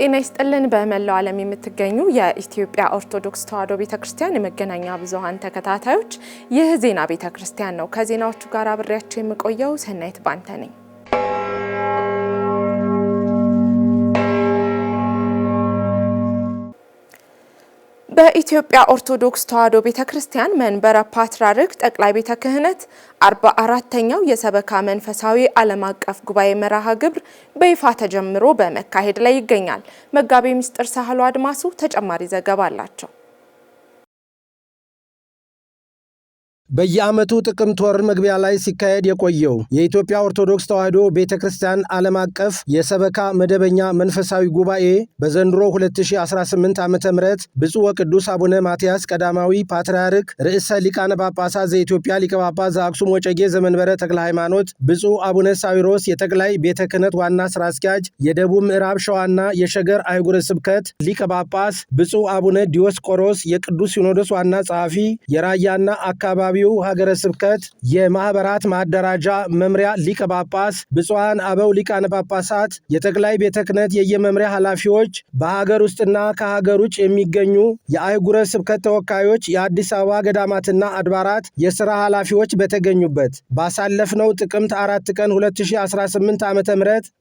ጤና ይስጥልን። በመላው ዓለም የምትገኙ የኢትዮጵያ ኦርቶዶክስ ተዋሕዶ ቤተ ክርስቲያን የመገናኛ ብዙኃን ተከታታዮች ይህ ዜና ቤተ ክርስቲያን ነው። ከዜናዎቹ ጋር አብሬያቸው የምቆየው ሰናይት ባንተ ነኝ። በኢትዮጵያ ኦርቶዶክስ ተዋሕዶ ቤተ ክርስቲያን መንበረ ፓትርያርክ ጠቅላይ ቤተ ክህነት አርባ አራተኛው የሰበካ መንፈሳዊ ዓለም አቀፍ ጉባኤ መርሃ ግብር በይፋ ተጀምሮ በመካሄድ ላይ ይገኛል። መጋቤ ምስጢር ሳህሎ አድማሱ ተጨማሪ ዘገባ አላቸው። በየዓመቱ ጥቅምት ወር መግቢያ ላይ ሲካሄድ የቆየው የኢትዮጵያ ኦርቶዶክስ ተዋሕዶ ቤተ ክርስቲያን ዓለም አቀፍ የሰበካ መደበኛ መንፈሳዊ ጉባኤ በዘንድሮ 2018 ዓ ም ብፁዕ ወቅዱስ አቡነ ማትያስ ቀዳማዊ ፓትርያርክ ርዕሰ ሊቃነ ጳጳሳት ዘኢትዮጵያ ሊቀ ጳጳስ ዘአክሱም ወጨጌ ዘመንበረ ተክለ ሃይማኖት፣ ብፁዕ አቡነ ሳዊሮስ የጠቅላይ ቤተ ክህነት ዋና ስራ አስኪያጅ የደቡብ ምዕራብ ሸዋና የሸገር አህጉረ ስብከት ሊቀ ጳጳስ፣ ብፁዕ አቡነ ዲዮስቆሮስ የቅዱስ ሲኖዶስ ዋና ጸሐፊ የራያና አካባቢ የአካባቢው ሀገረ ስብከት የማህበራት ማደራጃ መምሪያ ሊቀ ጳጳስ፣ ብፁዓን አበው ሊቃነ ጳጳሳት፣ የጠቅላይ ቤተ ክህነት የየመምሪያ ኃላፊዎች፣ በሀገር ውስጥና ከሀገር ውጭ የሚገኙ የአህጉረ ስብከት ተወካዮች፣ የአዲስ አበባ ገዳማትና አድባራት የስራ ኃላፊዎች በተገኙበት ባሳለፍነው ጥቅምት አራት ቀን 2018 ዓ ም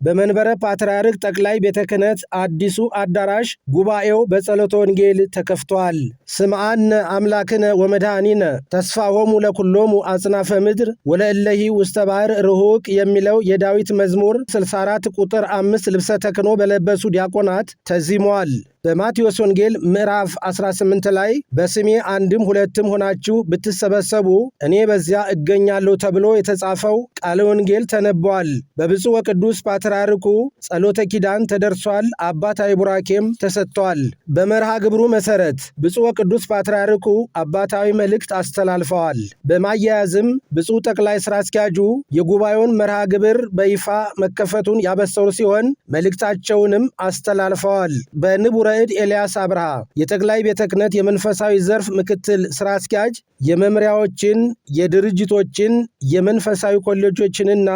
በመንበረ ፓትርያርክ ጠቅላይ ቤተ ክህነት አዲሱ አዳራሽ ጉባኤው በጸሎተ ወንጌል ተከፍቷል። ስምዓነ አምላክነ ወመድኃኒነ ተስፋሆሙ ወይኩሙ ለኩሎሙ አጽናፈ ምድር ወለእለሂ ውስተ ባህር ርሑቅ የሚለው የዳዊት መዝሙር 64 ቁጥር አምስት ልብሰ ተክኖ በለበሱ ዲያቆናት ተዚሟል። በማቴዎስ ወንጌል ምዕራፍ 18 ላይ በስሜ አንድም ሁለትም ሆናችሁ ብትሰበሰቡ እኔ በዚያ እገኛለሁ ተብሎ የተጻፈው ቃለ ወንጌል ተነቧል። በብፁዕ ወቅዱስ ፓትርያርኩ ጸሎተ ኪዳን ተደርሷል። አባታዊ ቡራኬም ተሰጥቷል። በመርሃ ግብሩ መሰረት ብፁዕ ወቅዱስ ፓትርያርኩ አባታዊ መልእክት አስተላልፈዋል። በማያያዝም ብፁዕ ጠቅላይ ስራ አስኪያጁ የጉባኤውን መርሃ ግብር በይፋ መከፈቱን ያበሰሩ ሲሆን መልእክታቸውንም አስተላልፈዋል። በንቡረ ረዕድ ኤልያስ አብርሃ የጠቅላይ ቤተ ክህነት የመንፈሳዊ ዘርፍ ምክትል ሥራ አስኪያጅ የመምሪያዎችን፣ የድርጅቶችን፣ የመንፈሳዊ ኮሌጆችንና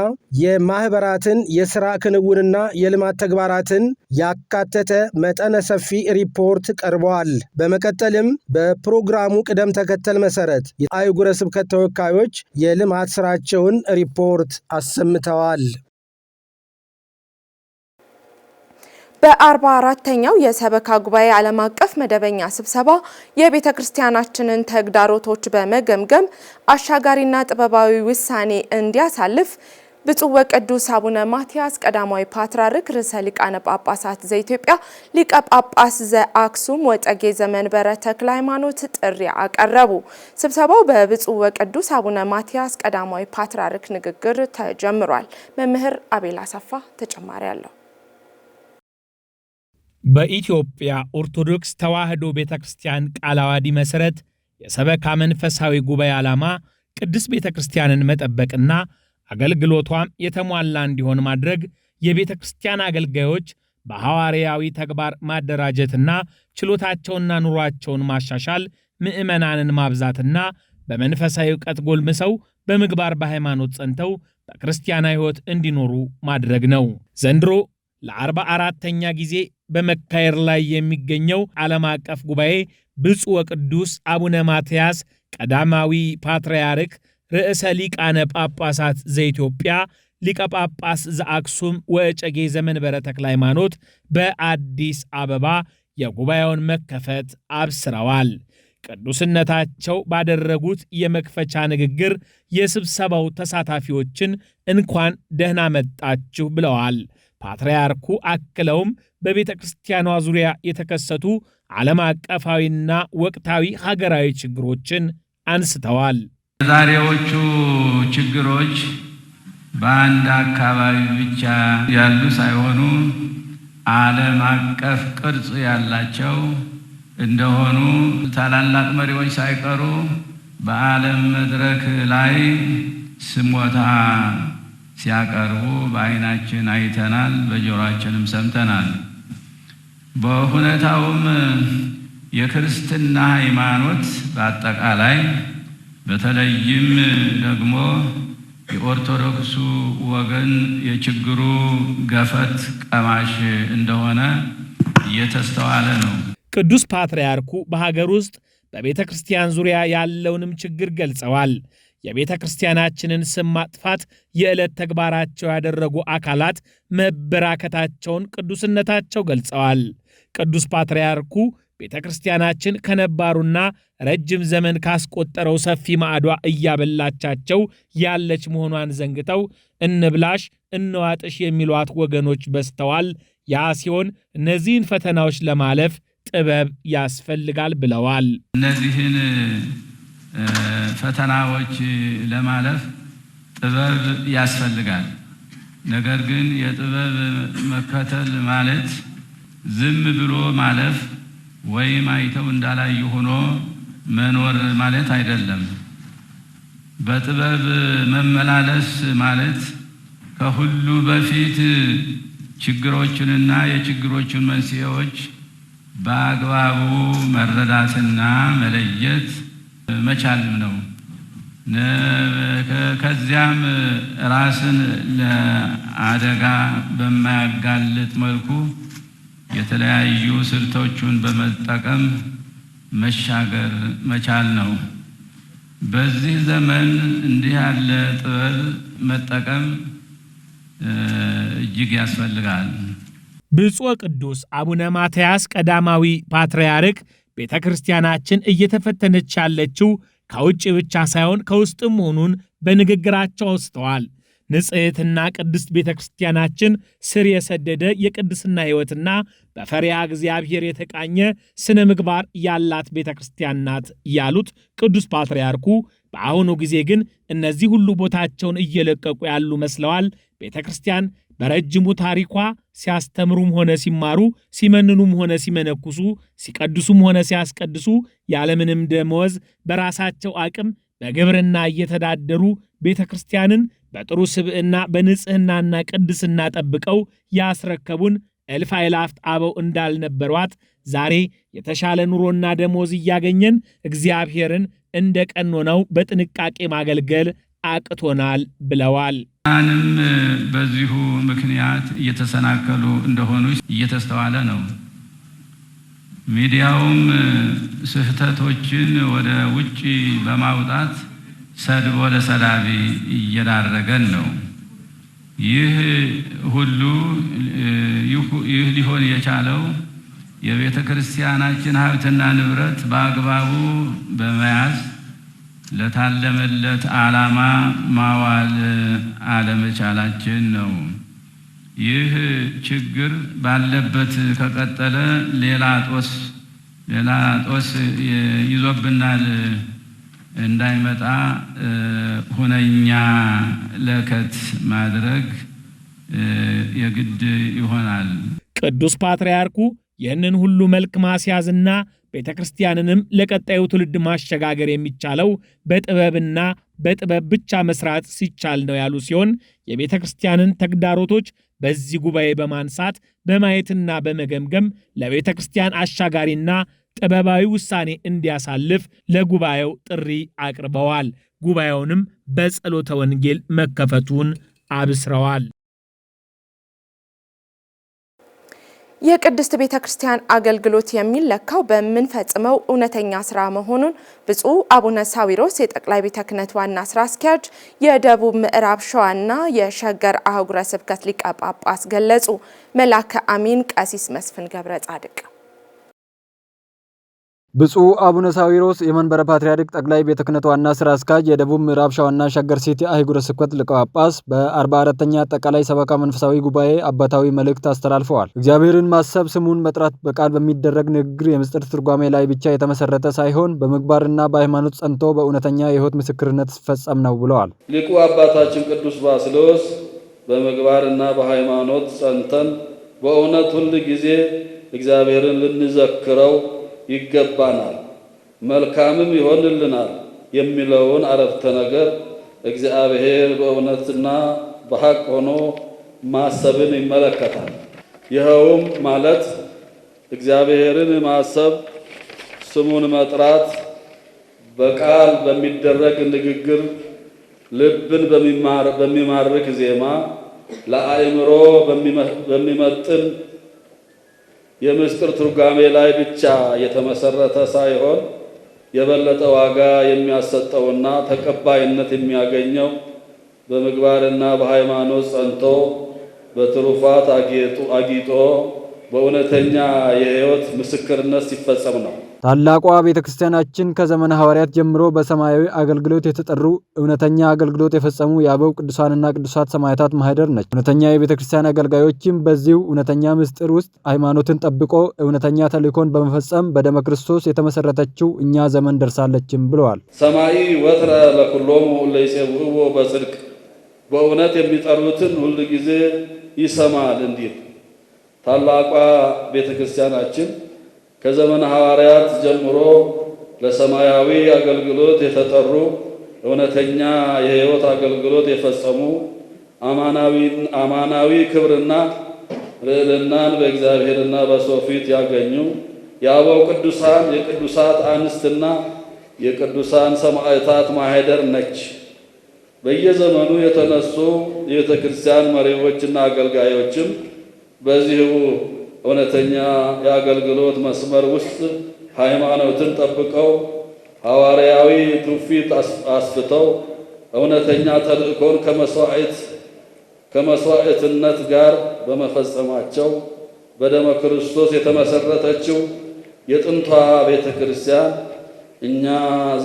የማኅበራትን የሥራ ክንውንና የልማት ተግባራትን ያካተተ መጠነ ሰፊ ሪፖርት ቀርበዋል። በመቀጠልም በፕሮግራሙ ቅደም ተከተል መሠረት የአህጉረ ስብከት ተወካዮች የልማት ሥራቸውን ሪፖርት አሰምተዋል። በአርባ አራተኛው የሰበካ ጉባኤ ዓለም አቀፍ መደበኛ ስብሰባ የቤተ ክርስቲያናችንን ተግዳሮቶች በመገምገም አሻጋሪና ጥበባዊ ውሳኔ እንዲያሳልፍ ብፁዕ ወቅዱስ አቡነ ማትያስ ቀዳማዊ ፓትርያርክ ርዕሰ ሊቃነ ጳጳሳት ዘኢትዮጵያ ሊቀ ጳጳስ ዘአክሱም ወጠጌ ዘመንበረ ተክለ ሃይማኖት ጥሪ አቀረቡ። ስብሰባው በብፁዕ ወቅዱስ አቡነ ማትያስ ቀዳማዊ ፓትርያርክ ንግግር ተጀምሯል። መምህር አቤል አሰፋ ተጨማሪ አለው። በኢትዮጵያ ኦርቶዶክስ ተዋሕዶ ቤተ ክርስቲያን ቃለ ዓዋዲ መሠረት የሰበካ መንፈሳዊ ጉባኤ ዓላማ ቅድስት ቤተ ክርስቲያንን መጠበቅና አገልግሎቷም የተሟላ እንዲሆን ማድረግ፣ የቤተ ክርስቲያን አገልጋዮች በሐዋርያዊ ተግባር ማደራጀትና ችሎታቸውና ኑሯቸውን ማሻሻል፣ ምዕመናንን ማብዛትና በመንፈሳዊ ዕውቀት ጎልምሰው በምግባር በሃይማኖት ጸንተው በክርስቲያና ሕይወት እንዲኖሩ ማድረግ ነው። ዘንድሮ 44ተኛ ጊዜ በመካሄድ ላይ የሚገኘው ዓለም አቀፍ ጉባኤ ብፁዕ ወቅዱስ አቡነ ማትያስ ቀዳማዊ ፓትርያርክ ርዕሰ ሊቃነ ጳጳሳት ዘኢትዮጵያ ሊቀ ጳጳስ ዘአክሱም ወእጨጌ ዘመንበረ ተክለ ሃይማኖት በአዲስ አበባ የጉባኤውን መከፈት አብስረዋል። ቅዱስነታቸው ባደረጉት የመክፈቻ ንግግር የስብሰባው ተሳታፊዎችን እንኳን ደህና መጣችሁ ብለዋል። ፓትርያርኩ አክለውም በቤተ ክርስቲያኗ ዙሪያ የተከሰቱ ዓለም አቀፋዊና ወቅታዊ ሀገራዊ ችግሮችን አንስተዋል። የዛሬዎቹ ችግሮች በአንድ አካባቢ ብቻ ያሉ ሳይሆኑ ዓለም አቀፍ ቅርጽ ያላቸው እንደሆኑ ታላላቅ መሪዎች ሳይቀሩ በዓለም መድረክ ላይ ስሞታ ሲያቀርቡ በዓይናችን አይተናል፣ በጆሮአችንም ሰምተናል። በሁኔታውም የክርስትና ሃይማኖት በአጠቃላይ በተለይም ደግሞ የኦርቶዶክሱ ወገን የችግሩ ገፈት ቀማሽ እንደሆነ እየተስተዋለ ነው። ቅዱስ ፓትርያርኩ በሀገር ውስጥ በቤተ ክርስቲያን ዙሪያ ያለውንም ችግር ገልጸዋል። የቤተ ክርስቲያናችንን ስም ማጥፋት የዕለት ተግባራቸው ያደረጉ አካላት መበራከታቸውን ቅዱስነታቸው ገልጸዋል። ቅዱስ ፓትርያርኩ ቤተ ክርስቲያናችን ከነባሩና ረጅም ዘመን ካስቆጠረው ሰፊ ማዕዷ እያበላቻቸው ያለች መሆኗን ዘንግተው እንብላሽ እንዋጥሽ የሚሏት ወገኖች በዝተዋል። ያ ሲሆን እነዚህን ፈተናዎች ለማለፍ ጥበብ ያስፈልጋል ብለዋል። እነዚህን ፈተናዎች ለማለፍ ጥበብ ያስፈልጋል። ነገር ግን የጥበብ መከተል ማለት ዝም ብሎ ማለፍ ወይም አይተው እንዳላዩ ሆኖ መኖር ማለት አይደለም። በጥበብ መመላለስ ማለት ከሁሉ በፊት ችግሮችንና የችግሮችን መንስኤዎች በአግባቡ መረዳትና መለየት መቻልም ነው። ከዚያም ራስን ለአደጋ በማያጋልጥ መልኩ የተለያዩ ስልቶቹን በመጠቀም መሻገር መቻል ነው። በዚህ ዘመን እንዲህ ያለ ጥበብ መጠቀም እጅግ ያስፈልጋል። ብፁዕ ቅዱስ አቡነ ማትያስ ቀዳማዊ ፓትርያርክ ቤተ ክርስቲያናችን እየተፈተነች ያለችው ከውጭ ብቻ ሳይሆን ከውስጥም መሆኑን በንግግራቸው አውስተዋል። ንጽሕትና ቅድስት ቤተ ክርስቲያናችን ስር የሰደደ የቅድስና ሕይወትና በፈሪያ እግዚአብሔር የተቃኘ ስነ ምግባር ያላት ቤተ ክርስቲያን ናት ያሉት ቅዱስ ፓትርያርኩ፣ በአሁኑ ጊዜ ግን እነዚህ ሁሉ ቦታቸውን እየለቀቁ ያሉ መስለዋል። ቤተ ክርስቲያን በረጅሙ ታሪኳ ሲያስተምሩም ሆነ ሲማሩ፣ ሲመንኑም ሆነ ሲመነኩሱ፣ ሲቀድሱም ሆነ ሲያስቀድሱ ያለምንም ደመወዝ በራሳቸው አቅም በግብርና እየተዳደሩ ቤተ ክርስቲያንን በጥሩ ስብዕና በንጽህናና ቅድስና ጠብቀው ያስረከቡን እልፍ አእላፋት አበው እንዳልነበሯት ዛሬ የተሻለ ኑሮና ደሞዝ እያገኘን እግዚአብሔርን እንደ ቀኖናው በጥንቃቄ ማገልገል አቅቶናል ብለዋል። ንም በዚሁ ምክንያት እየተሰናከሉ እንደሆኑ እየተስተዋለ ነው። ሚዲያውም ስህተቶችን ወደ ውጭ በማውጣት ሰድቦ ለሰዳቢ እየዳረገን ነው። ይህ ሁሉ ይህ ሊሆን የቻለው የቤተ ክርስቲያናችን ሀብትና ንብረት በአግባቡ በመያዝ ለታለመለት ዓላማ ማዋል አለመቻላችን ነው። ይህ ችግር ባለበት ከቀጠለ ሌላ ጦስ ሌላ ጦስ ይዞብናል እንዳይመጣ ሁነኛ ለከት ማድረግ የግድ ይሆናል። ቅዱስ ፓትርያርኩ ይህንን ሁሉ መልክ ማስያዝና ቤተ ክርስቲያንንም ለቀጣዩ ትውልድ ማሸጋገር የሚቻለው በጥበብና በጥበብ ብቻ መስራት ሲቻል ነው ያሉ ሲሆን የቤተ ክርስቲያንን ተግዳሮቶች በዚህ ጉባኤ በማንሳት በማየትና በመገምገም ለቤተ ክርስቲያን አሻጋሪና ጥበባዊ ውሳኔ እንዲያሳልፍ ለጉባኤው ጥሪ አቅርበዋል። ጉባኤውንም በጸሎተ ወንጌል መከፈቱን አብስረዋል። የቅድስት ቤተ ክርስቲያን አገልግሎት የሚለካው በምንፈጽመው እውነተኛ ስራ መሆኑን ብፁዕ አቡነ ሳዊሮስ የጠቅላይ ቤተ ክህነት ዋና ስራ አስኪያጅ የደቡብ ምዕራብ ሸዋና የሸገር አህጉረ ስብከት ሊቀ ጳጳስ ገለጹ። መላከ አሚን ቀሲስ መስፍን ገብረ ጻድቅ ብፁዕ አቡነ ሳዊሮስ የመንበረ ፓትርያርክ ጠቅላይ ቤተ ክህነት ዋና ስራ አስኪያጅ የደቡብ ምዕራብ ሸዋና ሸገር ሲቲ አህጉረ ስብከት ሊቀ ጳጳስ በ44ተኛ አጠቃላይ ሰበካ መንፈሳዊ ጉባኤ አባታዊ መልእክት አስተላልፈዋል። እግዚአብሔርን ማሰብ፣ ስሙን መጥራት በቃል በሚደረግ ንግግር የምስጢር ትርጓሜ ላይ ብቻ የተመሰረተ ሳይሆን በምግባርና በሃይማኖት ጸንቶ በእውነተኛ የህይወት ምስክርነት ሲፈጸም ነው ብለዋል። ሊቁ አባታችን ቅዱስ ባስሎስ በምግባርና በሃይማኖት ጸንተን በእውነት ሁል ጊዜ እግዚአብሔርን ልንዘክረው ይገባናል፣ መልካምም ይሆንልናል የሚለውን አረፍተ ነገር እግዚአብሔር በእውነትና በሐቅ ሆኖ ማሰብን ይመለከታል። ይኸውም ማለት እግዚአብሔርን ማሰብ፣ ስሙን መጥራት፣ በቃል በሚደረግ ንግግር፣ ልብን በሚማርክ ዜማ፣ ለአእምሮ በሚመጥን የምስጢር ትርጓሜ ላይ ብቻ የተመሰረተ ሳይሆን የበለጠ ዋጋ የሚያሰጠውና ተቀባይነት የሚያገኘው በምግባርና በሃይማኖት ጸንቶ በትሩፋት አጊጦ በእውነተኛ የሕይወት ምስክርነት ሲፈጸም ነው። ታላቋ ቤተ ክርስቲያናችን ከዘመነ ሐዋርያት ጀምሮ በሰማያዊ አገልግሎት የተጠሩ እውነተኛ አገልግሎት የፈጸሙ የአበው ቅዱሳንና ቅዱሳት ሰማዕታት ማህደር ነች። እውነተኛ የቤተ ክርስቲያን አገልጋዮችም በዚሁ እውነተኛ ምስጢር ውስጥ ሃይማኖትን ጠብቆ እውነተኛ ተልእኮን በመፈጸም በደመ ክርስቶስ የተመሰረተችው እኛ ዘመን ደርሳለችም ብለዋል። ሰማይ ወትረ ለኩሎሙ ለይጼብዕዎ በጽድቅ በእውነት የሚጠሩትን ሁል ጊዜ ይሰማል እንዲል ታላቋ ቤተ ክርስቲያናችን ከዘመነ ሐዋርያት ጀምሮ ለሰማያዊ አገልግሎት የተጠሩ እውነተኛ የሕይወት አገልግሎት የፈጸሙ አማናዊ ክብርና ልዕልናን በእግዚአብሔርና በሰው ፊት ያገኙ የአበው ቅዱሳን የቅዱሳት አንስትና የቅዱሳን ሰማዕታት ማኅደር ነች። በየዘመኑ የተነሱ የቤተ ክርስቲያን መሪዎችና አገልጋዮችም በዚሁ እውነተኛ የአገልግሎት መስመር ውስጥ ሃይማኖትን ጠብቀው ሐዋርያዊ ትውፊት አስፍተው እውነተኛ ተልእኮን ከመስዋዕት ከመስዋዕትነት ጋር በመፈጸማቸው በደመ ክርስቶስ የተመሰረተችው የጥንቷ ቤተ ክርስቲያን እኛ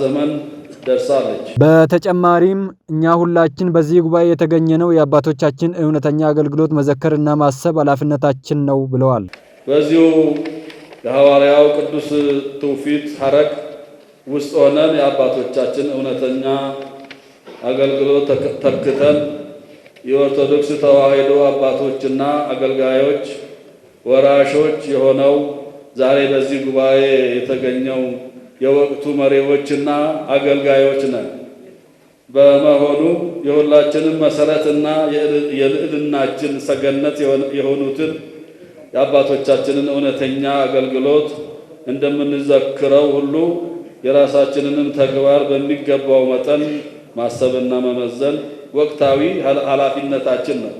ዘመን ደርሳለች። በተጨማሪም እኛ ሁላችን በዚህ ጉባኤ የተገኘነው የአባቶቻችን እውነተኛ አገልግሎት መዘከርና ማሰብ ኃላፊነታችን ነው ብለዋል። በዚሁ የሐዋርያው ቅዱስ ትውፊት ሐረግ ውስጥ ሆነን የአባቶቻችን እውነተኛ አገልግሎት ተክተን የኦርቶዶክስ ተዋሕዶ አባቶችና አገልጋዮች ወራሾች የሆነው ዛሬ በዚህ ጉባኤ የተገኘው የወቅቱ መሪዎችና አገልጋዮች ነን። በመሆኑ የሁላችንም መሰረትና የልዕልናችን ሰገነት የሆኑትን የአባቶቻችንን እውነተኛ አገልግሎት እንደምንዘክረው ሁሉ የራሳችንንም ተግባር በሚገባው መጠን ማሰብና መመዘን ወቅታዊ ኃላፊነታችን ነው።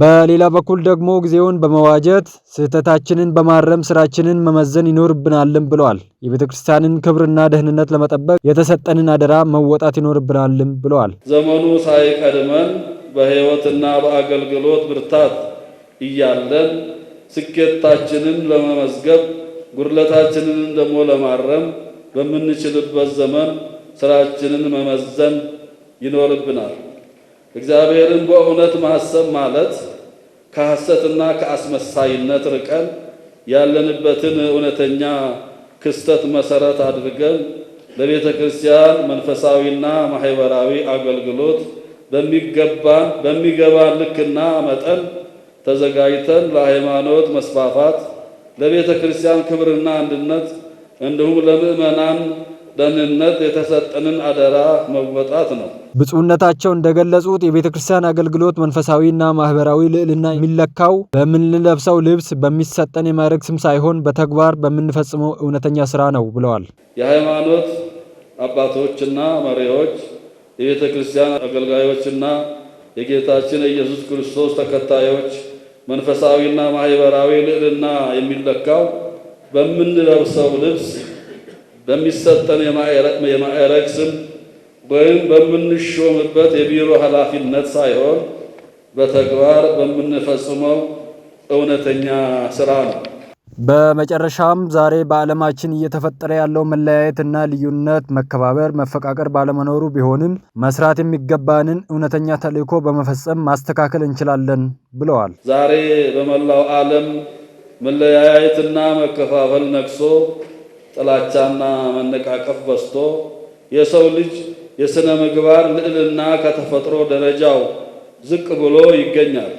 በሌላ በኩል ደግሞ ጊዜውን በመዋጀት ስህተታችንን በማረም ስራችንን መመዘን ይኖርብናልም ብለዋል። የቤተ ክርስቲያንን ክብርና ደህንነት ለመጠበቅ የተሰጠንን አደራ መወጣት ይኖርብናልም ብለዋል። ዘመኑ ሳይቀድመን በሕይወትና በአገልግሎት ብርታት እያለን ስኬታችንን ለመመዝገብ ጉድለታችንን ደግሞ ለማረም በምንችልበት ዘመን ስራችንን መመዘን ይኖርብናል። እግዚአብሔርን በእውነት ማሰብ ማለት ከሐሰትና ከአስመሳይነት ርቀን ያለንበትን እውነተኛ ክስተት መሰረት አድርገን ለቤተ ክርስቲያን መንፈሳዊና ማህበራዊ አገልግሎት በሚገባ በሚገባ ልክና መጠን ተዘጋጅተን ለሃይማኖት መስፋፋት ለቤተ ክርስቲያን ክብርና አንድነት እንዲሁም ለምእመናን ደህንነት የተሰጠንን አደራ መወጣት ነው። ብፁዕነታቸው እንደገለጹት የቤተ ክርስቲያን አገልግሎት መንፈሳዊና ማህበራዊ ልዕልና የሚለካው በምንለብሰው ልብስ፣ በሚሰጠን የማዕረግ ስም ሳይሆን በተግባር በምንፈጽመው እውነተኛ ስራ ነው ብለዋል። የሃይማኖት አባቶችና መሪዎች፣ የቤተ ክርስቲያን አገልጋዮችና የጌታችን የኢየሱስ ክርስቶስ ተከታዮች መንፈሳዊና ማህበራዊ ልዕልና የሚለካው በምንለብሰው ልብስ በሚሰጠን የማዕረግ ስም ወይም በምንሾምበት የቢሮ ኃላፊነት ሳይሆን በተግባር በምንፈጽመው እውነተኛ ስራ ነው። በመጨረሻም ዛሬ በዓለማችን እየተፈጠረ ያለው መለያየት እና ልዩነት መከባበር፣ መፈቃቀር ባለመኖሩ ቢሆንም መስራት የሚገባንን እውነተኛ ተልዕኮ በመፈጸም ማስተካከል እንችላለን ብለዋል። ዛሬ በመላው ዓለም መለያየትና መከፋፈል ነግሶ ጥላቻና መነቃቀፍ በስቶ የሰው ልጅ የሥነ ምግባር ልዕልና ከተፈጥሮ ደረጃው ዝቅ ብሎ ይገኛል።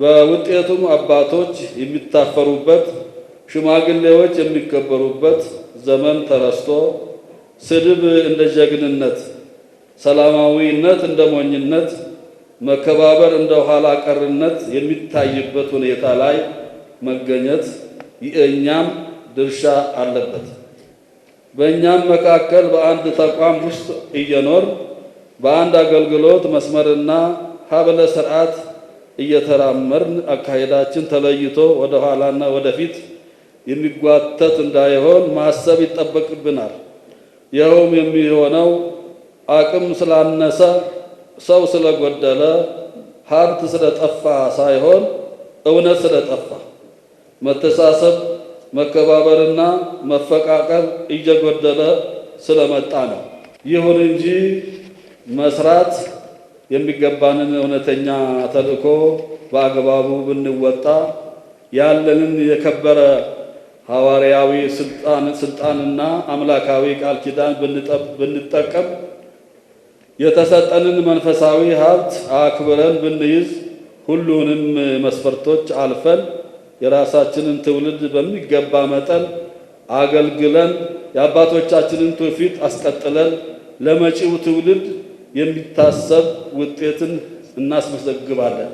በውጤቱም አባቶች የሚታፈሩበት፣ ሽማግሌዎች የሚከበሩበት ዘመን ተረስቶ ስድብ እንደ ጀግንነት፣ ሰላማዊነት እንደ ሞኝነት፣ መከባበር እንደ ኋላ ቀርነት የሚታይበት ሁኔታ ላይ መገኘት የእኛም ድርሻ አለበት። በእኛም መካከል በአንድ ተቋም ውስጥ እየኖር በአንድ አገልግሎት መስመርና ሀበለ ስርዓት እየተራመርን አካሄዳችን ተለይቶ ወደ ኋላና ወደፊት የሚጓተት እንዳይሆን ማሰብ ይጠበቅብናል። ይኸውም የሚሆነው አቅም ስላነሰ፣ ሰው ስለጎደለ፣ ሀብት ስለጠፋ ሳይሆን እውነት ስለጠፋ መተሳሰብ መከባበርና መፈቃቀር እየጎደለ ስለመጣ ነው። ይሁን እንጂ መስራት የሚገባንን እውነተኛ ተልእኮ በአግባቡ ብንወጣ ያለንን የከበረ ሐዋርያዊ ስልጣንና አምላካዊ ቃል ኪዳን ብንጠቀም የተሰጠንን መንፈሳዊ ሀብት አክብረን ብንይዝ ሁሉንም መስፈርቶች አልፈን የራሳችንን ትውልድ በሚገባ መጠን አገልግለን የአባቶቻችንን ትውፊት አስቀጥለን ለመጪው ትውልድ የሚታሰብ ውጤትን እናስመዘግባለን።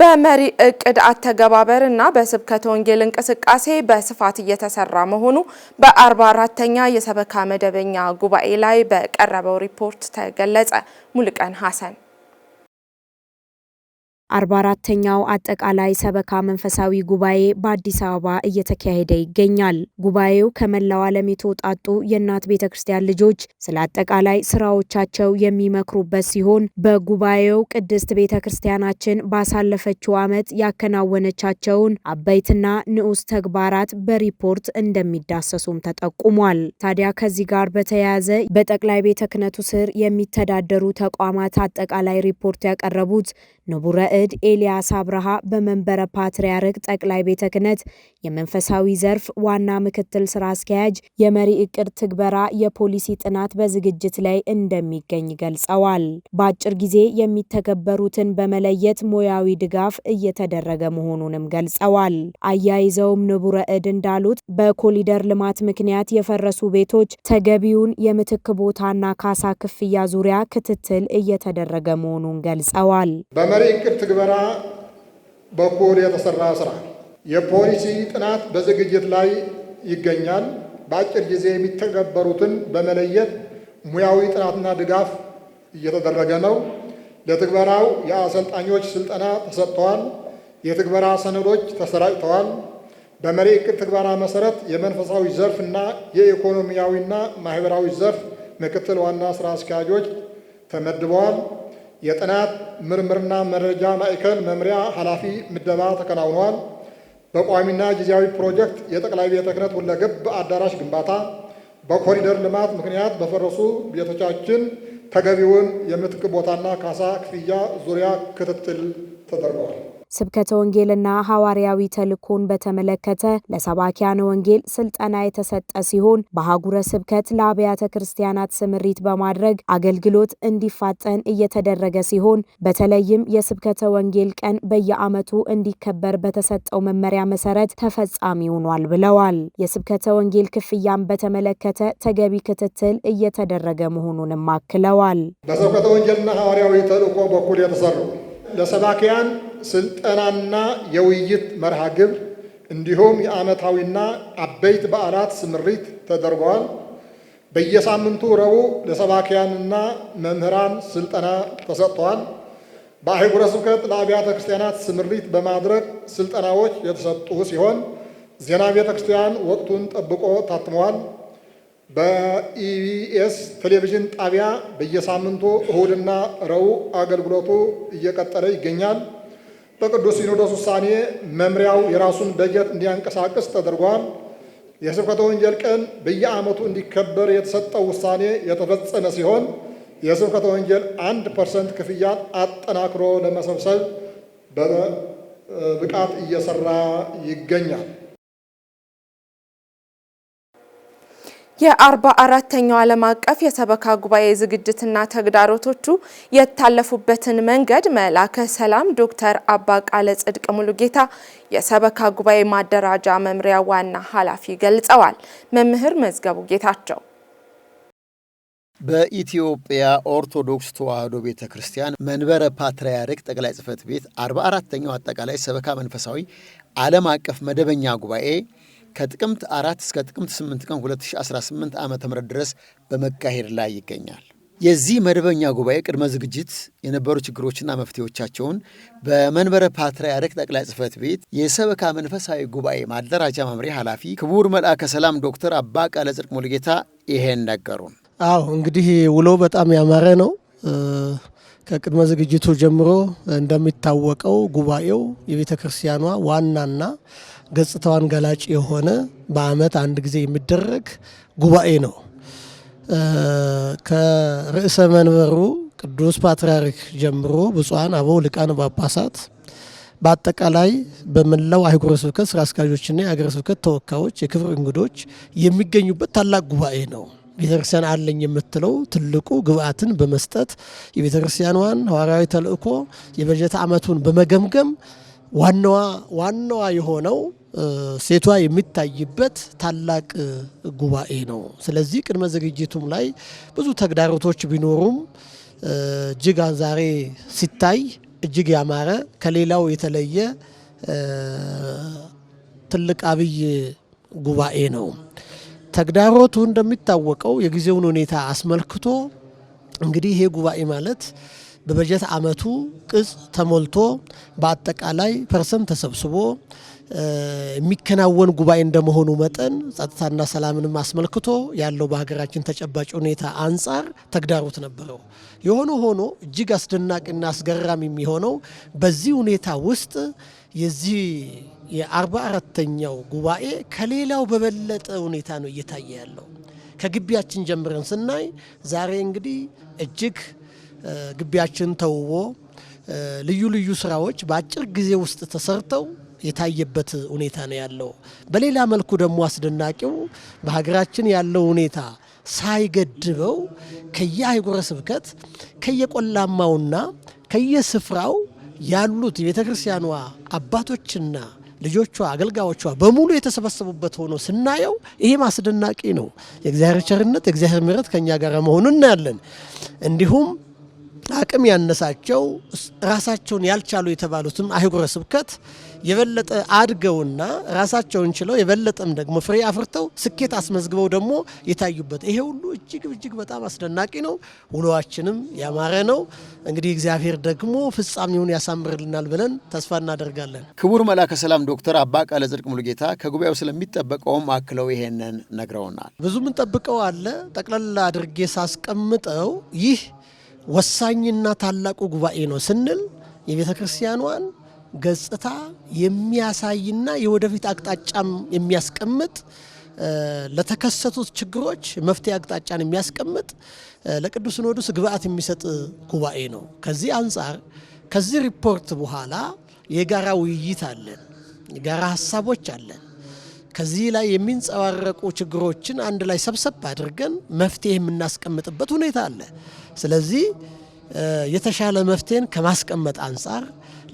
በመሪ እቅድ አተገባበር እና በስብከተ ወንጌል እንቅስቃሴ በስፋት እየተሰራ መሆኑ በአርባ አራተኛ የሰበካ መደበኛ ጉባኤ ላይ በቀረበው ሪፖርት ተገለጸ። ሙልቀን ሀሰን አርባ አራተኛው አጠቃላይ ሰበካ መንፈሳዊ ጉባኤ በአዲስ አበባ እየተካሄደ ይገኛል። ጉባኤው ከመላው ዓለም የተውጣጡ የእናት ቤተ ክርስቲያን ልጆች ስለ አጠቃላይ ስራዎቻቸው የሚመክሩበት ሲሆን በጉባኤው ቅድስት ቤተ ክርስቲያናችን ባሳለፈችው ዓመት ያከናወነቻቸውን አበይትና ንዑስ ተግባራት በሪፖርት እንደሚዳሰሱም ተጠቁሟል። ታዲያ ከዚህ ጋር በተያያዘ በጠቅላይ ቤተ ክህነቱ ስር የሚተዳደሩ ተቋማት አጠቃላይ ሪፖርት ያቀረቡት ንቡረ አዕድ ኤልያስ አብርሃ በመንበረ ፓትርያርክ ጠቅላይ ቤተ ክህነት የመንፈሳዊ ዘርፍ ዋና ምክትል ስራ አስኪያጅ የመሪ እቅድ ትግበራ የፖሊሲ ጥናት በዝግጅት ላይ እንደሚገኝ ገልጸዋል። በአጭር ጊዜ የሚተገበሩትን በመለየት ሙያዊ ድጋፍ እየተደረገ መሆኑንም ገልጸዋል። አያይዘውም ንቡረ እድ እንዳሉት በኮሊደር ልማት ምክንያት የፈረሱ ቤቶች ተገቢውን የምትክ ቦታና ካሳ ክፍያ ዙሪያ ክትትል እየተደረገ መሆኑን ገልጸዋል። በመሪ እቅድ ትግበራ በኩል የተሰራ ስራ የፖሊሲ ጥናት በዝግጅት ላይ ይገኛል። በአጭር ጊዜ የሚተገበሩትን በመለየት ሙያዊ ጥናትና ድጋፍ እየተደረገ ነው። ለትግበራው የአሰልጣኞች ስልጠና ተሰጥተዋል። የትግበራ ሰነዶች ተሰራጭተዋል። በመሪ ዕቅድ ትግበራ መሰረት የመንፈሳዊ ዘርፍ እና የኢኮኖሚያዊና ማህበራዊ ዘርፍ ምክትል ዋና ስራ አስኪያጆች ተመድበዋል። የጥናት ምርምርና መረጃ ማዕከል መምሪያ ኃላፊ ምደባ ተከናውኗል። በቋሚና ጊዜያዊ ፕሮጀክት የጠቅላይ ቤተ ክህነት ሁለገብ አዳራሽ ግንባታ፣ በኮሪደር ልማት ምክንያት በፈረሱ ቤቶቻችን ተገቢውን የምትክ ቦታና ካሳ ክፍያ ዙሪያ ክትትል ተደርገዋል። ስብከተ ወንጌልና ሐዋርያዊ ተልእኮን በተመለከተ ለሰባኪያነ ወንጌል ስልጠና የተሰጠ ሲሆን በአህጉረ ስብከት ለአብያተ ክርስቲያናት ስምሪት በማድረግ አገልግሎት እንዲፋጠን እየተደረገ ሲሆን በተለይም የስብከተ ወንጌል ቀን በየዓመቱ እንዲከበር በተሰጠው መመሪያ መሰረት ተፈጻሚ ሆኗል ብለዋል። የስብከተ ወንጌል ክፍያን በተመለከተ ተገቢ ክትትል እየተደረገ መሆኑንም አክለዋል። በስብከተ ወንጌልና ሐዋርያዊ ተልእኮ በኩል የተሰሩ ለሰባኪያን ስልጠናና የውይይት መርሃ ግብር እንዲሁም የዓመታዊና አበይት በዓላት ስምሪት ተደርገዋል። በየሳምንቱ ረቡዕ ለሰባኪያንና መምህራን ስልጠና ተሰጥተዋል። በአህጉረ ስብከት ለአብያተ ክርስቲያናት ስምሪት በማድረግ ስልጠናዎች የተሰጡ ሲሆን ዜና ቤተ ክርስቲያን ወቅቱን ጠብቆ ታትመዋል። በኢቢኤስ ቴሌቪዥን ጣቢያ በየሳምንቱ እሁድና ረቡዕ አገልግሎቱ እየቀጠለ ይገኛል። በቅዱስ ሲኖዶስ ውሳኔ መምሪያው የራሱን በጀት እንዲያንቀሳቅስ ተደርጓል። የስብከተ ወንጌል ቀን በየዓመቱ እንዲከበር የተሰጠው ውሳኔ የተፈጸመ ሲሆን የስብከተ ወንጌል አንድ ፐርሰንት ክፍያን አጠናክሮ ለመሰብሰብ በብቃት እየሰራ ይገኛል። የአርባ አራተኛው ዓለም አቀፍ የሰበካ ጉባኤ ዝግጅትና ተግዳሮቶቹ የታለፉበትን መንገድ መላከ ሰላም ዶክተር አባ ቃለ ጽድቅ ሙሉጌታ የሰበካ ጉባኤ ማደራጃ መምሪያ ዋና ኃላፊ ገልጸዋል። መምህር መዝገቡ ጌታቸው በኢትዮጵያ ኦርቶዶክስ ተዋሕዶ ቤተ ክርስቲያን መንበረ ፓትርያርክ ጠቅላይ ጽሕፈት ቤት አርባ አራተኛው አጠቃላይ ሰበካ መንፈሳዊ ዓለም አቀፍ መደበኛ ጉባኤ ከጥቅምት አራት እስከ ጥቅምት 8 ቀን 2018 ዓ ም ድረስ በመካሄድ ላይ ይገኛል። የዚህ መደበኛ ጉባኤ ቅድመ ዝግጅት የነበሩ ችግሮችና መፍትሄዎቻቸውን በመንበረ ፓትርያርክ ጠቅላይ ጽህፈት ቤት የሰበካ መንፈሳዊ ጉባኤ ማደራጃ መምሪያ ኃላፊ ክቡር መልአከ ሰላም ዶክተር አባ ቃለ ጽድቅ ሙሉጌታ ይሄን ነገሩን። አዎ እንግዲህ ውሎ በጣም ያማረ ነው። ከቅድመ ዝግጅቱ ጀምሮ እንደሚታወቀው ጉባኤው የቤተ ክርስቲያኗ ዋናና ገጽታዋን ገላጭ የሆነ በዓመት አንድ ጊዜ የሚደረግ ጉባኤ ነው። ከርዕሰ መንበሩ ቅዱስ ፓትርያርክ ጀምሮ ብፁዓን አበው ሊቃነ ጳጳሳት በአጠቃላይ በመላው አህጉረ ስብከት ስራ አስኪያጆችና የሀገረ ስብከት ተወካዮች፣ የክብር እንግዶች የሚገኙበት ታላቅ ጉባኤ ነው። ቤተክርስቲያን አለኝ የምትለው ትልቁ ግብአትን በመስጠት የቤተክርስቲያኗን ሐዋርያዊ ተልእኮ የበጀት ዓመቱን በመገምገም ዋናዋ ዋናዋ የሆነው ሴቷ የሚታይበት ታላቅ ጉባኤ ነው። ስለዚህ ቅድመ ዝግጅቱም ላይ ብዙ ተግዳሮቶች ቢኖሩም እጅግ ዛሬ ሲታይ እጅግ ያማረ ከሌላው የተለየ ትልቅ አብይ ጉባኤ ነው። ተግዳሮቱ እንደሚታወቀው የጊዜውን ሁኔታ አስመልክቶ እንግዲህ ይሄ ጉባኤ ማለት በበጀት ዓመቱ ቅጽ ተሞልቶ በአጠቃላይ ፐርሰንት ተሰብስቦ የሚከናወን ጉባኤ እንደመሆኑ መጠን ጸጥታና ሰላምንም አስመልክቶ ያለው በሀገራችን ተጨባጭ ሁኔታ አንጻር ተግዳሮት ነበረው። የሆነ ሆኖ እጅግ አስደናቂና አስገራሚ የሚሆነው በዚህ ሁኔታ ውስጥ የዚህ የአርባ አራተኛው ጉባኤ ከሌላው በበለጠ ሁኔታ ነው እየታየ ያለው። ከግቢያችን ጀምረን ስናይ ዛሬ እንግዲህ እጅግ ግቢያችን ተውቦ ልዩ ልዩ ስራዎች በአጭር ጊዜ ውስጥ ተሰርተው የታየበት ሁኔታ ነው ያለው። በሌላ መልኩ ደግሞ አስደናቂው በሀገራችን ያለው ሁኔታ ሳይገድበው ከየአህጉረ ስብከት ከየቆላማውና ከየስፍራው ያሉት የቤተ ክርስቲያኗ አባቶችና ልጆቿ፣ አገልጋዮቿ በሙሉ የተሰበሰቡበት ሆኖ ስናየው ይህም ማስደናቂ ነው። የእግዚአብሔር ቸርነት፣ የእግዚአብሔር ምሕረት ከእኛ ጋር መሆኑን እናያለን። እንዲሁም አቅም ያነሳቸው ራሳቸውን ያልቻሉ የተባሉትም አህጉረ ስብከት የበለጠ አድገውና ራሳቸውን ችለው የበለጠም ደግሞ ፍሬ አፍርተው ስኬት አስመዝግበው ደግሞ የታዩበት ይሄ ሁሉ እጅግ እጅግ በጣም አስደናቂ ነው። ውሎዋችንም ያማረ ነው። እንግዲህ እግዚአብሔር ደግሞ ፍጻሜውን ያሳምርልናል ብለን ተስፋ እናደርጋለን። ክቡር መላከ ሰላም ዶክተር አባ ቃለ ጽድቅ ሙሉጌታ ከጉባኤው ስለሚጠበቀውም አክለው ይሄንን ነግረውናል። ብዙ ምንጠብቀው አለ ጠቅላላ አድርጌ ሳስቀምጠው ይህ ወሳኝና ታላቁ ጉባኤ ነው ስንል የቤተ ክርስቲያኗን ገጽታ የሚያሳይና የወደፊት አቅጣጫም የሚያስቀምጥ ለተከሰቱት ችግሮች መፍትሄ አቅጣጫን የሚያስቀምጥ ለቅዱስ ሲኖዶስ ግብአት የሚሰጥ ጉባኤ ነው። ከዚህ አንጻር ከዚህ ሪፖርት በኋላ የጋራ ውይይት አለን፣ የጋራ ሀሳቦች አለን። ከዚህ ላይ የሚንጸባረቁ ችግሮችን አንድ ላይ ሰብሰብ አድርገን መፍትሄ የምናስቀምጥበት ሁኔታ አለ። ስለዚህ የተሻለ መፍትሄን ከማስቀመጥ አንጻር፣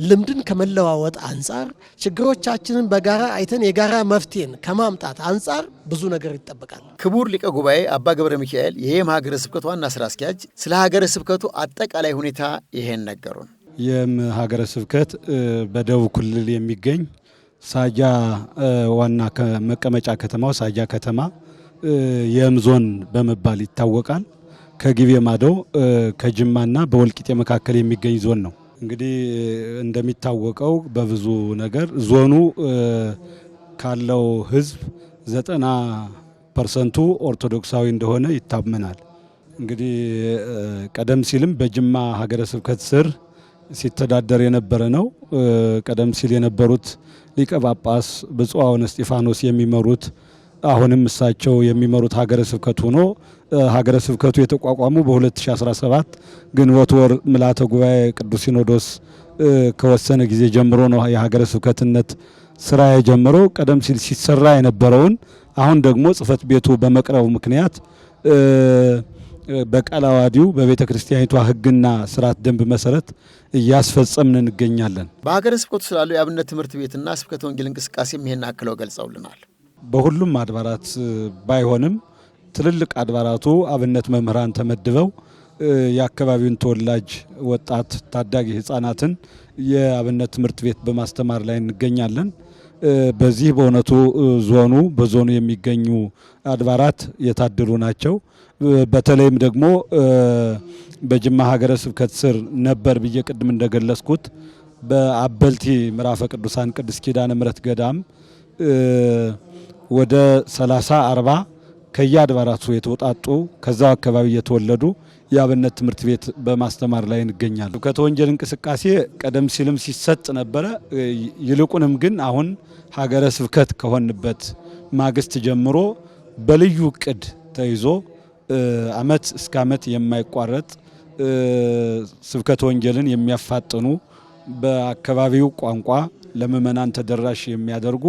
ልምድን ከመለዋወጥ አንጻር፣ ችግሮቻችንን በጋራ አይተን የጋራ መፍትሄን ከማምጣት አንጻር ብዙ ነገር ይጠበቃል። ክቡር ሊቀ ጉባኤ አባ ገብረ ሚካኤል የየም ሀገረ ስብከት ዋና ስራ አስኪያጅ ስለ ሀገረ ስብከቱ አጠቃላይ ሁኔታ ይሄን ነገሩን። የም ሀገረ ስብከት በደቡብ ክልል የሚገኝ ሳጃ ዋና መቀመጫ ከተማው ሳጃ ከተማ የም ዞን በመባል ይታወቃል። ከግቤ ማዶ ከጅማና በወልቂጤ መካከል የሚገኝ ዞን ነው። እንግዲህ እንደሚታወቀው በብዙ ነገር ዞኑ ካለው ሕዝብ ዘጠና ፐርሰንቱ ኦርቶዶክሳዊ እንደሆነ ይታመናል። እንግዲህ ቀደም ሲልም በጅማ ሀገረ ስብከት ስር ሲተዳደር የነበረ ነው። ቀደም ሲል የነበሩት ሊቀ ጳጳስ ብፁዕ አቡነ እስጢፋኖስ የሚመሩት አሁንም እሳቸው የሚመሩት ሀገረ ስብከት ሆኖ ሀገረ ስብከቱ የተቋቋሙ በ2017 ግንቦት ወር ምልአተ ጉባኤ ቅዱስ ሲኖዶስ ከወሰነ ጊዜ ጀምሮ ነው የሀገረ ስብከትነት ስራ የጀመረው። ቀደም ሲል ሲሰራ የነበረውን አሁን ደግሞ ጽህፈት ቤቱ በመቅረቡ ምክንያት በቀላዋዲው አዋዲው በቤተ ክርስቲያኒቷ ህግና ስርዓት ደንብ መሰረት እያስፈጸምን እንገኛለን። በሀገረ ስብከቱ ስላሉ የአብነት ትምህርት ቤትና ስብከተ ወንጌል እንቅስቃሴም ይሄን አክለው ገልጸውልናል። በሁሉም አድባራት ባይሆንም ትልልቅ አድባራቱ አብነት መምህራን ተመድበው የአካባቢውን ተወላጅ ወጣት ታዳጊ ህጻናትን የአብነት ትምህርት ቤት በማስተማር ላይ እንገኛለን። በዚህ በእውነቱ ዞኑ በዞኑ የሚገኙ አድባራት የታደሉ ናቸው። በተለይም ደግሞ በጅማ ሀገረ ስብከት ስር ነበር ብዬ ቅድም እንደገለጽኩት በአበልቲ ምዕራፈ ቅዱሳን ቅዱስ ኪዳነ ምሕረት ገዳም ወደ 30 40 ከየአድባራቱ የተውጣጡ ከዛው አካባቢ የተወለዱ የአብነት ትምህርት ቤት በማስተማር ላይ እንገኛለን። ስብከተ ወንጌል እንቅስቃሴ ቀደም ሲልም ሲሰጥ ነበረ። ይልቁንም ግን አሁን ሀገረ ስብከት ከሆንበት ማግስት ጀምሮ በልዩ እቅድ ተይዞ አመት እስከ አመት የማይቋረጥ ስብከተ ወንጌልን የሚያፋጥኑ በአካባቢው ቋንቋ ለምእመናን ተደራሽ የሚያደርጉ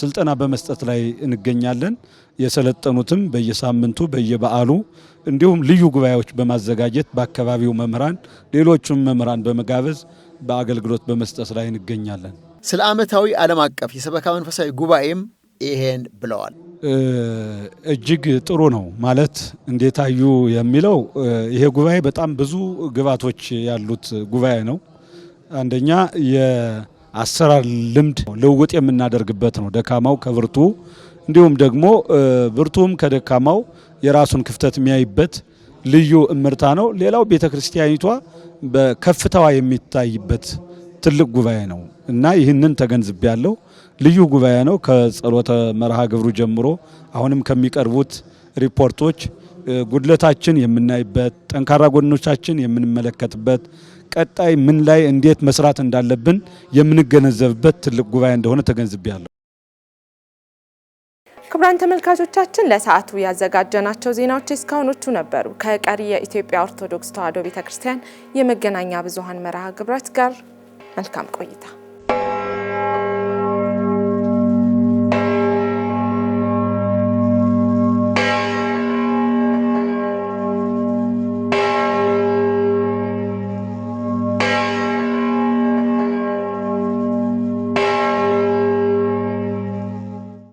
ስልጠና በመስጠት ላይ እንገኛለን። የሰለጠኑትም በየሳምንቱ በየበዓሉ እንዲሁም ልዩ ጉባኤዎች በማዘጋጀት በአካባቢው መምህራን፣ ሌሎቹም መምህራን በመጋበዝ በአገልግሎት በመስጠት ላይ እንገኛለን። ስለ ዓመታዊ ዓለም አቀፍ የሰበካ መንፈሳዊ ጉባኤም ይሄን ብለዋል። እጅግ ጥሩ ነው ማለት እንዴት አዩ የሚለው ይሄ ጉባኤ በጣም ብዙ ግብዓቶች ያሉት ጉባኤ ነው። አንደኛ የአሰራር ልምድ ልውውጥ የምናደርግበት ነው። ደካማው ከብርቱ እንዲሁም ደግሞ ብርቱም ከደካማው የራሱን ክፍተት የሚያይበት ልዩ እምርታ ነው። ሌላው ቤተ ክርስቲያኒቷ በከፍታዋ የሚታይበት ትልቅ ጉባኤ ነው እና ይህንን ተገንዝቤ ያለው ልዩ ጉባኤ ነው። ከጸሎተ መርሃ ግብሩ ጀምሮ አሁንም ከሚቀርቡት ሪፖርቶች ጉድለታችን የምናይበት፣ ጠንካራ ጎኖቻችን የምንመለከትበት፣ ቀጣይ ምን ላይ እንዴት መስራት እንዳለብን የምንገነዘብበት ትልቅ ጉባኤ እንደሆነ ተገንዝቤያለሁ። ክቡራን ተመልካቾቻችን ለሰዓቱ ያዘጋጀናቸው ዜናዎች እስካሁኖቹ ነበሩ። ከቀሪ የኢትዮጵያ ኦርቶዶክስ ተዋሕዶ ቤተክርስቲያን የመገናኛ ብዙኃን መርሃ ግብራት ጋር መልካም ቆይታ